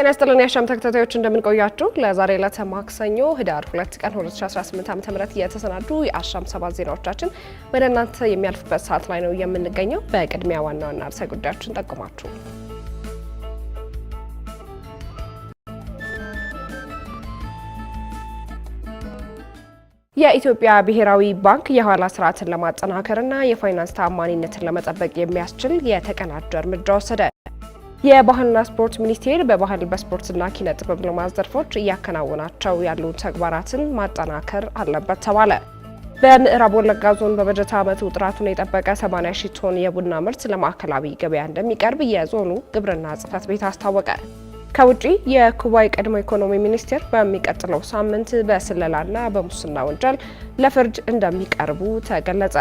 ጤና ይስጥልን የአሻም ተከታታዮች እንደምንቆያችሁ። ለዛሬ ዕለተ ማክሰኞ ህዳር 2 ቀን 2018 ዓ.ም የተሰናዱ የአሻም ሰባት ዜናዎቻችን ወደ እናንተ የሚያልፍበት ሰዓት ላይ ነው የምንገኘው። በቅድሚያ ዋና ዋና ርዕሰ ጉዳዮችን ጠቁማችሁ የኢትዮጵያ ብሔራዊ ባንክ የኋላ ስርዓትን ለማጠናከርና የፋይናንስ ተአማኒነትን ለመጠበቅ የሚያስችል የተቀናጀ እርምጃ ወሰደ። የባህልና ስፖርት ሚኒስቴር በባህል በስፖርትና ኪነ ጥበብ ልማት ዘርፎች እያከናወናቸው ያሉ ተግባራትን ማጠናከር አለበት ተባለ። በምዕራብ ወለጋ ዞን በበጀት ዓመቱ ጥራቱን የጠበቀ 80 ሺህ ቶን የቡና ምርት ለማዕከላዊ ገበያ እንደሚቀርብ የዞኑ ግብርና ጽሕፈት ቤት አስታወቀ። ከውጪ የኩባ የቀድሞ ኢኮኖሚ ሚኒስቴር በሚቀጥለው ሳምንት በስለላና በሙስና ወንጀል ለፍርድ እንደሚቀርቡ ተገለጸ።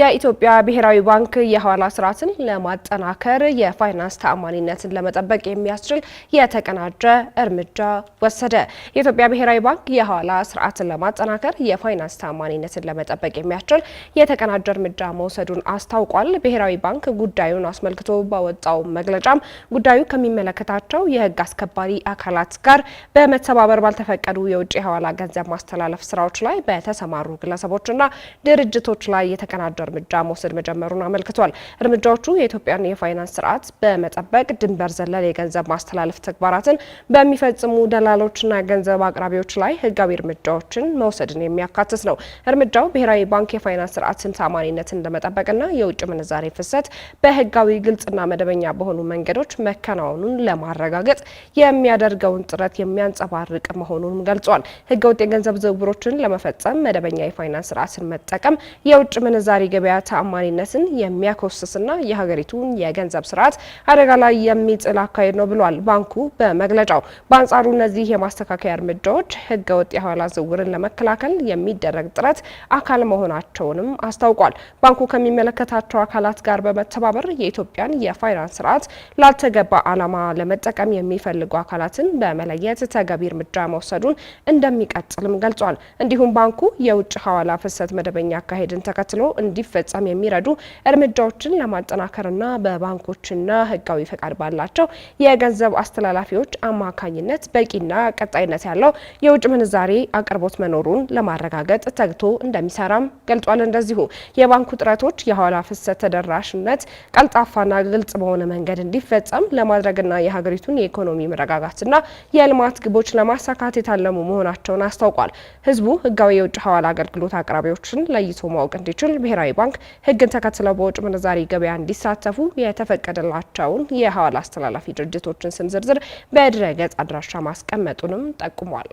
የኢትዮጵያ ብሔራዊ ባንክ የሐዋላ ስርዓትን ለማጠናከር የፋይናንስ ተአማኒነትን ለመጠበቅ የሚያስችል የተቀናጀ እርምጃ ወሰደ። የኢትዮጵያ ብሔራዊ ባንክ የሐዋላ ስርዓትን ለማጠናከር የፋይናንስ ተአማኒነትን ለመጠበቅ የሚያስችል የተቀናጀ እርምጃ መውሰዱን አስታውቋል። ብሔራዊ ባንክ ጉዳዩን አስመልክቶ ባወጣው መግለጫም ጉዳዩ ከሚመለከታቸው የህግ አስከባሪ አካላት ጋር በመተባበር ባልተፈቀዱ የውጭ የሐዋላ ገንዘብ ማስተላለፍ ስራዎች ላይ በተሰማሩ ግለሰቦችና ድርጅቶች ላይ የተቀናጀ እርምጃ መውሰድ መጀመሩን አመልክቷል። እርምጃዎቹ የኢትዮጵያን የፋይናንስ ስርዓት በመጠበቅ ድንበር ዘለል የገንዘብ ማስተላለፍ ተግባራትን በሚፈጽሙ ደላሎችና ገንዘብ አቅራቢዎች ላይ ህጋዊ እርምጃዎችን መውሰድን የሚያካትት ነው። እርምጃው ብሔራዊ ባንክ የፋይናንስ ስርዓትን ታማኒነትን ለመጠበቅና የውጭ ምንዛሬ ፍሰት በህጋዊ ግልጽና መደበኛ በሆኑ መንገዶች መከናወኑን ለማረጋገጥ የሚያደርገውን ጥረት የሚያንጸባርቅ መሆኑንም ገልጿል። ሕገወጥ የገንዘብ ዝውውሮችን ለመፈጸም መደበኛ የፋይናንስ ስርዓትን መጠቀም የውጭ ምንዛሬ የገበያ ተአማኒነትን የሚያኮስስና የሀገሪቱን የገንዘብ ስርዓት አደጋ ላይ የሚጥል አካሄድ ነው ብሏል ባንኩ በመግለጫው። በአንጻሩ እነዚህ የማስተካከያ እርምጃዎች ወጥ የኋላ ዝውውርን ለመከላከል የሚደረግ ጥረት አካል መሆናቸውንም አስታውቋል። ባንኩ ከሚመለከታቸው አካላት ጋር በመተባበር የኢትዮጵያን የፋይናንስ ስርዓት ላልተገባ ዓላማ ለመጠቀም የሚፈልጉ አካላትን በመለየት ተገቢ እርምጃ መውሰዱን እንደሚቀጥልም ገልጿል። እንዲሁም ባንኩ የውጭ ሐዋላ ፍሰት መደበኛ አካሄድን ተከትሎ እንዲ እንዲፈጸም የሚረዱ እርምጃዎችን ለማጠናከርና በባንኮችና ህጋዊ ፈቃድ ባላቸው የገንዘብ አስተላላፊዎች አማካኝነት በቂና ቀጣይነት ያለው የውጭ ምንዛሬ አቅርቦት መኖሩን ለማረጋገጥ ተግቶ እንደሚሰራም ገልጿል። እንደዚሁ የባንኩ ጥረቶች የኋላ ፍሰት ተደራሽነት ቀልጣፋና ግልጽ በሆነ መንገድ እንዲፈጸም ለማድረግና የሀገሪቱን የኢኮኖሚ መረጋጋትና የልማት ግቦች ለማሳካት የታለሙ መሆናቸውን አስታውቋል። ህዝቡ ህጋዊ የውጭ ሐዋላ አገልግሎት አቅራቢዎችን ለይቶ ማወቅ እንዲችል ብሔራዊ ብሔራዊ ባንክ ህግን ተከትለው በውጭ ምንዛሪ ገበያ እንዲሳተፉ የተፈቀደላቸውን የሐዋላ አስተላላፊ ድርጅቶችን ስም ዝርዝር በድረገጽ አድራሻ ማስቀመጡንም ጠቁሟል።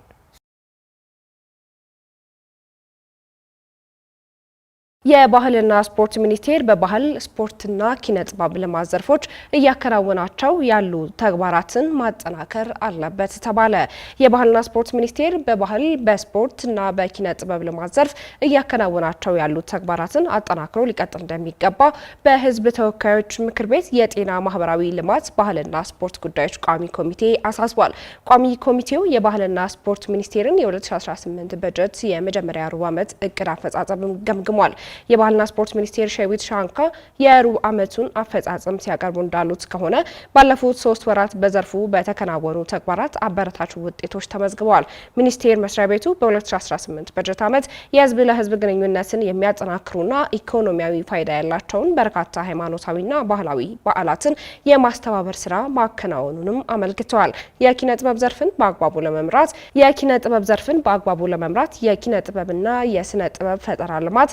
የባህልና ስፖርት ሚኒስቴር በባህል ስፖርትና ኪነ ጥበብ ልማት ዘርፎች እያከናወናቸው ያሉ ተግባራትን ማጠናከር አለበት ተባለ። የባህልና ስፖርት ሚኒስቴር በባህል በስፖርትና በኪነ ጥበብ ልማት ዘርፍ እያከናወናቸው ያሉ ተግባራትን አጠናክሮ ሊቀጥል እንደሚገባ በሕዝብ ተወካዮች ምክር ቤት የጤና ማህበራዊ ልማት ባህልና ስፖርት ጉዳዮች ቋሚ ኮሚቴ አሳስቧል። ቋሚ ኮሚቴው የባህልና ስፖርት ሚኒስቴርን የ2018 በጀት የመጀመሪያ ሩብ ዓመት እቅድ አፈጻጸም ገምግሟል። የባህልና ስፖርት ሚኒስቴር ሸዊት ሻንካ የሩብ ዓመቱን አፈጻጸም ሲያቀርቡ እንዳሉት ከሆነ ባለፉት ሶስት ወራት በዘርፉ በተከናወኑ ተግባራት አበረታች ውጤቶች ተመዝግበዋል። ሚኒስቴር መስሪያ ቤቱ በ2018 በጀት ዓመት የህዝብ ለህዝብ ግንኙነትን የሚያጠናክሩና ኢኮኖሚያዊ ፋይዳ ያላቸውን በርካታ ሃይማኖታዊና ባህላዊ በዓላትን የማስተባበር ስራ ማከናወኑንም አመልክተዋል። የኪነ ጥበብ ዘርፍን በአግባቡ ለመምራት የኪነ ጥበብ ዘርፍን በአግባቡ ለመምራት የኪነ ጥበብና የስነ ጥበብ ፈጠራ ልማት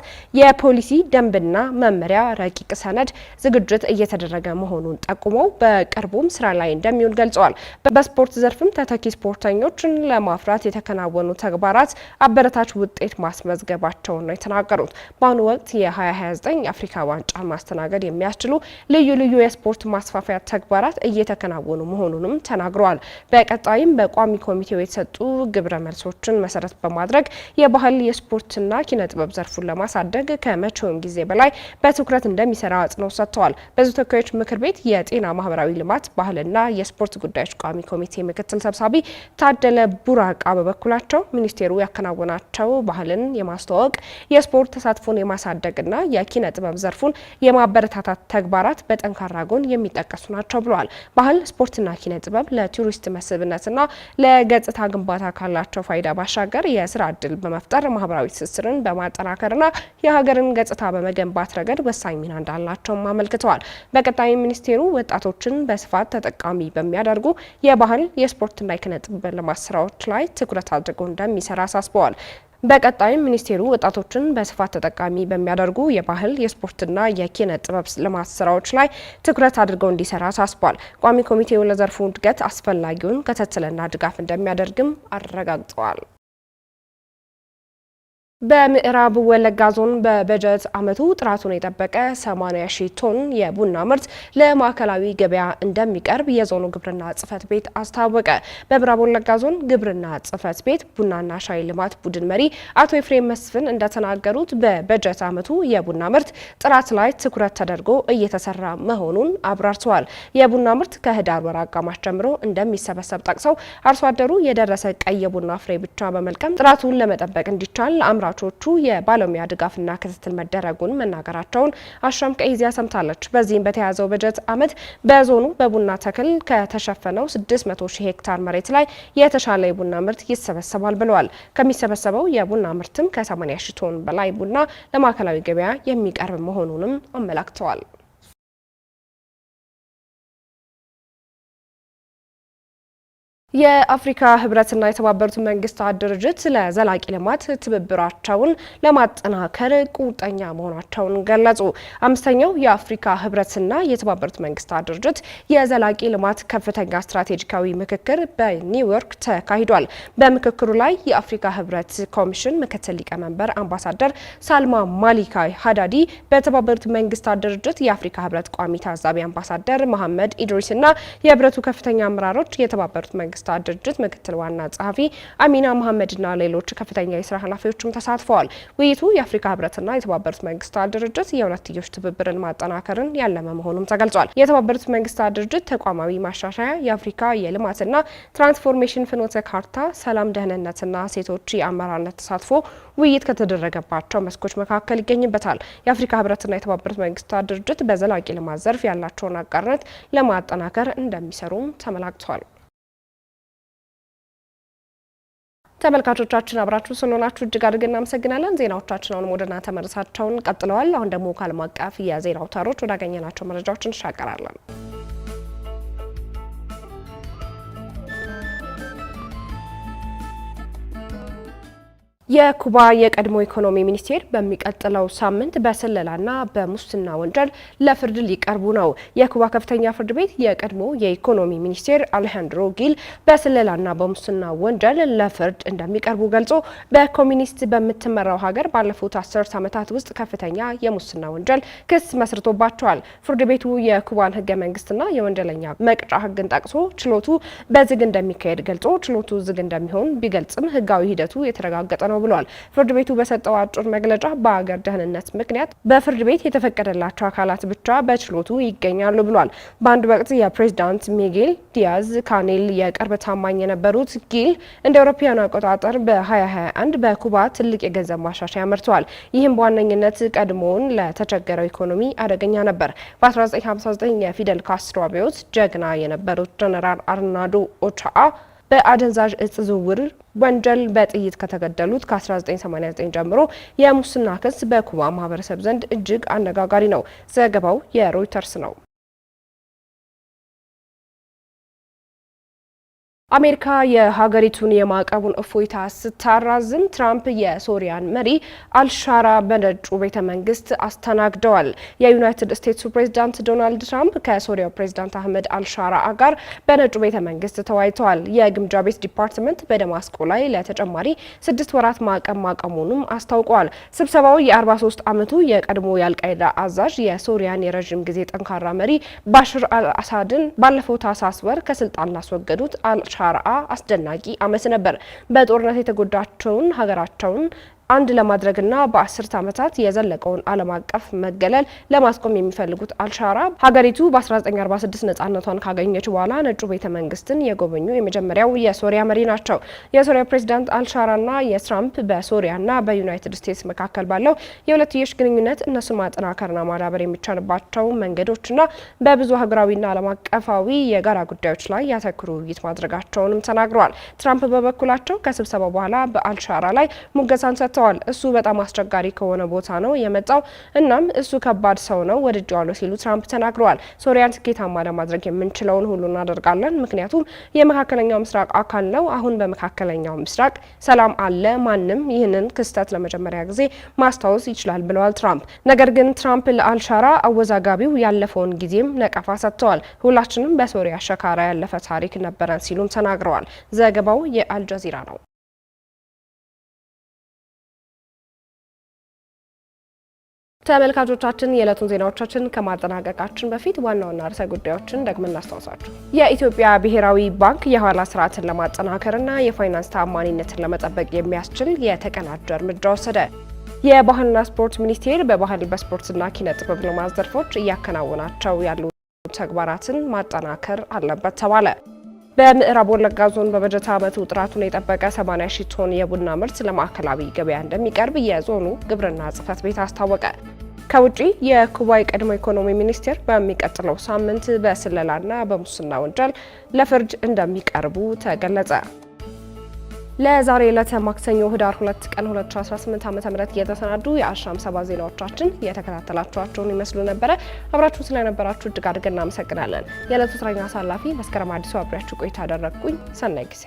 የፖሊሲ ደንብና መመሪያ ረቂቅ ሰነድ ዝግጅት እየተደረገ መሆኑን ጠቁመው በቅርቡም ስራ ላይ እንደሚውል ገልጸዋል። በስፖርት ዘርፍም ተተኪ ስፖርተኞችን ለማፍራት የተከናወኑ ተግባራት አበረታች ውጤት ማስመዝገባቸውን ነው የተናገሩት። በአሁኑ ወቅት የ2029 አፍሪካ ዋንጫ ማስተናገድ የሚያስችሉ ልዩ ልዩ የስፖርት ማስፋፊያ ተግባራት እየተከናወኑ መሆኑንም ተናግረዋል። በቀጣይም በቋሚ ኮሚቴው የተሰጡ ግብረ መልሶችን መሰረት በማድረግ የባህል የስፖርትና ኪነ ጥበብ ዘርፉን ለማሳደግ ከመቼውም ጊዜ በላይ በትኩረት እንደሚሰራ አጽንኦት ሰጥተዋል። በሕዝብ ተወካዮች ምክር ቤት የጤና ማህበራዊ ልማት ባህልና የስፖርት ጉዳዮች ቋሚ ኮሚቴ ምክትል ሰብሳቢ ታደለ ቡራቃ በበኩላቸው ሚኒስቴሩ ያከናወናቸው ባህልን የማስተዋወቅ የስፖርት ተሳትፎን የማሳደግና የኪነ ጥበብ ዘርፉን የማበረታታት ተግባራት በጠንካራ ጎን የሚጠቀሱ ናቸው ብለዋል። ባህል፣ ስፖርትና ኪነ ጥበብ ለቱሪስት መስህብነትና ለገጽታ ግንባታ ካላቸው ፋይዳ ባሻገር የስራ እድል በመፍጠር ማህበራዊ ትስስርን በማጠናከርና የሀገርን ገጽታ በመገንባት ረገድ ወሳኝ ሚና እንዳላቸውም አመልክተዋል። በቀጣይ ሚኒስቴሩ ወጣቶችን በስፋት ተጠቃሚ በሚያደርጉ የባህል የስፖርትና የኪነ ጥበብ ልማት ስራዎች ላይ ትኩረት አድርገው እንደሚሰራ አሳስበዋል። በቀጣይ ሚኒስቴሩ ወጣቶችን በስፋት ተጠቃሚ በሚያደርጉ የባህል የስፖርትና የኪነ ጥበብ ልማት ስራዎች ላይ ትኩረት አድርገው እንዲሰራ አሳስቧል። ቋሚ ኮሚቴው ለዘርፉ እድገት አስፈላጊውን ክትትልና ድጋፍ እንደሚያደርግም አረጋግጠዋል። በምዕራብ ወለጋ ዞን በበጀት ዓመቱ ጥራቱን የጠበቀ 80 ሺ ቶን የቡና ምርት ለማዕከላዊ ገበያ እንደሚቀርብ የዞኑ ግብርና ጽሕፈት ቤት አስታወቀ። በምዕራብ ወለጋ ዞን ግብርና ጽሕፈት ቤት ቡናና ሻይ ልማት ቡድን መሪ አቶ ኤፍሬም መስፍን እንደተናገሩት በበጀት ዓመቱ የቡና ምርት ጥራት ላይ ትኩረት ተደርጎ እየተሰራ መሆኑን አብራርተዋል። የቡና ምርት ከህዳር ወር አጋማሽ ጀምሮ እንደሚሰበሰብ ጠቅሰው አርሶ አደሩ የደረሰ ቀይ የቡና ፍሬ ብቻ በመልቀም ጥራቱን ለመጠበቅ እንዲቻል አምራ ተመልካቾቹ የባለሙያ ድጋፍና ክትትል መደረጉን መናገራቸውን አሽራም ቀይዚያ ሰምታለች። በዚህም በተያዘው በጀት አመት በዞኑ በቡና ተክል ከተሸፈነው 600 ሺህ ሄክታር መሬት ላይ የተሻለ የቡና ምርት ይሰበሰባል ብለዋል። ከሚሰበሰበው የቡና ምርትም ከ80 ሺህ ቶን በላይ ቡና ለማዕከላዊ ገበያ የሚቀርብ መሆኑንም አመላክተዋል። የአፍሪካ ህብረትና የተባበሩት መንግስታት ድርጅት ለዘላቂ ልማት ትብብራቸውን ለማጠናከር ቁርጠኛ መሆናቸውን ገለጹ። አምስተኛው የአፍሪካ ህብረትና የተባበሩት መንግስታት ድርጅት የዘላቂ ልማት ከፍተኛ ስትራቴጂካዊ ምክክር በኒውዮርክ ተካሂዷል። በምክክሩ ላይ የአፍሪካ ህብረት ኮሚሽን ምክትል ሊቀመንበር አምባሳደር ሳልማ ማሊካ ሀዳዲ፣ በተባበሩት መንግስታት ድርጅት የአፍሪካ ህብረት ቋሚ ታዛቢ አምባሳደር መሐመድ ኢድሪስ እና የህብረቱ ከፍተኛ አመራሮች የተባበሩት መንግስት መንግስታት ድርጅት ምክትል ዋና ጸሐፊ አሚና መሐመድና ሌሎች ከፍተኛ የስራ ኃላፊዎችም ተሳትፈዋል። ውይይቱ የአፍሪካ ህብረትና የተባበሩት መንግስታት ድርጅት የሁለትዮሽ ትብብርን ማጠናከርን ያለመ መሆኑም ተገልጿል። የተባበሩት መንግስታት ድርጅት ተቋማዊ ማሻሻያ፣ የአፍሪካ የልማትና ትራንስፎርሜሽን ፍኖተ ካርታ፣ ሰላም፣ ደህንነትና ሴቶች የአመራርነት ተሳትፎ ውይይት ከተደረገባቸው መስኮች መካከል ይገኝበታል። የአፍሪካ ህብረትና የተባበሩት መንግስታት ድርጅት በዘላቂ ልማት ዘርፍ ያላቸውን አጋርነት ለማጠናከር እንደሚሰሩም ተመላክቷል። ተመልካቾቻችን አብራችሁ ስለሆናችሁ እጅግ አድርገን እናመሰግናለን። ዜናዎቻችን አሁንም ወደና ተመልሳቸውን ቀጥለዋል። አሁን ደግሞ ከዓለም አቀፍ የዜና አውታሮች ወዳገኘናቸው መረጃዎች እንሻገራለን። የኩባ የቀድሞ ኢኮኖሚ ሚኒስቴር በሚቀጥለው ሳምንት በስለላና በሙስና ወንጀል ለፍርድ ሊቀርቡ ነው። የኩባ ከፍተኛ ፍርድ ቤት የቀድሞ የኢኮኖሚ ሚኒስቴር አሌሃንድሮ ጊል በስለላና በሙስና ወንጀል ለፍርድ እንደሚቀርቡ ገልጾ በኮሚኒስት በምትመራው ሀገር ባለፉት አስርት ዓመታት ውስጥ ከፍተኛ የሙስና ወንጀል ክስ መስርቶባቸዋል። ፍርድ ቤቱ የኩባን ህገ መንግስትና የወንጀለኛ መቅጫ ህግን ጠቅሶ ችሎቱ በዝግ እንደሚካሄድ ገልጾ ችሎቱ ዝግ እንደሚሆን ቢገልጽም ህጋዊ ሂደቱ የተረጋገጠ ነው ነው ብሏል። ፍርድ ቤቱ በሰጠው አጭር መግለጫ በአገር ደህንነት ምክንያት በፍርድ ቤት የተፈቀደላቸው አካላት ብቻ በችሎቱ ይገኛሉ ብሏል። በአንድ ወቅት የፕሬዝዳንት ሚጌል ዲያዝ ካኔል የቅርብ ታማኝ የነበሩት ጊል እንደ አውሮፓውያኑ አቆጣጠር በ2021 በኩባ ትልቅ የገንዘብ ማሻሻያ መርተዋል። ይህም በዋነኝነት ቀድሞውን ለተቸገረው ኢኮኖሚ አደገኛ ነበር። በ1959 የፊደል ካስትሮ አብዮት ጀግና የነበሩት ጀነራል አርናዶ ኦቻአ በአደንዛዥ እጽ ዝውውር ወንጀል በጥይት ከተገደሉት ከ1989 ጀምሮ የሙስና ክስ በኩባ ማህበረሰብ ዘንድ እጅግ አነጋጋሪ ነው። ዘገባው የሮይተርስ ነው። አሜሪካ የሀገሪቱን የማዕቀቡን እፎይታ ስታራዝም ትራምፕ የሶሪያን መሪ አልሻራ በነጩ ቤተ መንግስት አስተናግደዋል። የዩናይትድ ስቴትሱ ፕሬዚዳንት ዶናልድ ትራምፕ ከሶሪያው ፕሬዚዳንት አህመድ አልሻራ ጋር በነጩ ቤተ መንግስት ተወያይተዋል። የግምጃ ቤት ዲፓርትመንት በደማስቆ ላይ ለተጨማሪ ስድስት ወራት ማዕቀብ ማቀሙንም አስታውቋል። ስብሰባው የ43 ዓመቱ የቀድሞ የአልቃይዳ አዛዥ የሶሪያን የረዥም ጊዜ ጠንካራ መሪ ባሽር አልአሳድን ባለፈው ታህሳስ ወር ከስልጣን ላስወገዱት አልሻ ሳርአ አስደናቂ ዓመት ነበር። በጦርነት የተጎዳቸውን ሀገራቸውን አንድ ለማድረግና በአስርት ዓመታት የዘለቀውን ዓለም አቀፍ መገለል ለማስቆም የሚፈልጉት አልሻራ ሀገሪቱ በ1946 ነጻነቷን ካገኘች በኋላ ነጩ ቤተ መንግስትን የጎበኙ የመጀመሪያው የሶሪያ መሪ ናቸው። የሶሪያ ፕሬዚዳንት አልሻራና የትራምፕ በሶሪያና በዩናይትድ ስቴትስ መካከል ባለው የሁለትዮሽ ግንኙነት እነሱን ማጠናከርና ማዳበር የሚቻልባቸው መንገዶችና በብዙ ሀገራዊና ዓለም አቀፋዊ የጋራ ጉዳዮች ላይ ያተክሩ ውይይት ማድረጋቸውንም ተናግረዋል። ትራምፕ በበኩላቸው ከስብሰባ በኋላ በአልሻራ ላይ ሙገሳን ሰ ተመልክተዋል። እሱ በጣም አስቸጋሪ ከሆነ ቦታ ነው የመጣው፣ እናም እሱ ከባድ ሰው ነው ወድጀዋለሁ ሲሉ ትራምፕ ተናግረዋል። ሶሪያን ስኬታማ ለማድረግ የምንችለውን ሁሉ እናደርጋለን፣ ምክንያቱም የመካከለኛው ምስራቅ አካል ነው። አሁን በመካከለኛው ምስራቅ ሰላም አለ። ማንም ይህንን ክስተት ለመጀመሪያ ጊዜ ማስታወስ ይችላል ብለዋል ትራምፕ። ነገር ግን ትራምፕ ለአልሻራ አወዛጋቢው ያለፈውን ጊዜም ነቀፋ ሰጥተዋል። ሁላችንም በሶሪያ ሸካራ ያለፈ ታሪክ ነበረን ሲሉም ተናግረዋል። ዘገባው የአልጀዚራ ነው። ተመልካቾቻችን የዕለቱን ዜናዎቻችን ከማጠናቀቃችን በፊት ዋና ዋና ርዕሰ ጉዳዮችን ደግመን እናስታውሳችሁ። የኢትዮጵያ ብሔራዊ ባንክ የኋላ ስርዓትን ለማጠናከርና የፋይናንስ ተአማኒነትን ለመጠበቅ የሚያስችል የተቀናጀ እርምጃ ወሰደ። የባህልና ስፖርት ሚኒስቴር በባህል በስፖርትና ኪነ ጥበብ ልማት ዘርፎች እያከናወናቸው ያሉ ተግባራትን ማጠናከር አለበት ተባለ። በምዕራብ ወለጋ ዞን በበጀት ዓመቱ ጥራቱን የጠበቀ 80 ሺህ ቶን የቡና ምርት ለማዕከላዊ ገበያ እንደሚቀርብ የዞኑ ግብርና ጽሕፈት ቤት አስታወቀ። ከውጪ የኩባ የቀድሞ ኢኮኖሚ ሚኒስቴር በሚቀጥለው ሳምንት በስለላና በሙስና ወንጀል ለፍርድ እንደሚቀርቡ ተገለጸ። ለዛሬ ዕለተ ማክሰኞ ህዳር 2 ቀን 2018 ም እየተሰናዱ የአሻም ሰባ ዜናዎቻችን የተከታተላችኋቸውን ይመስሉ ነበረ። አብራችሁ ስለነበራችሁ እጅግ አድርገን እናመሰግናለን። የዕለቱ ስረኛ አሳላፊ መስከረም አዲሱ አብሪያችሁ ቆይታ አደረግኩኝ። ሰናይ ጊዜ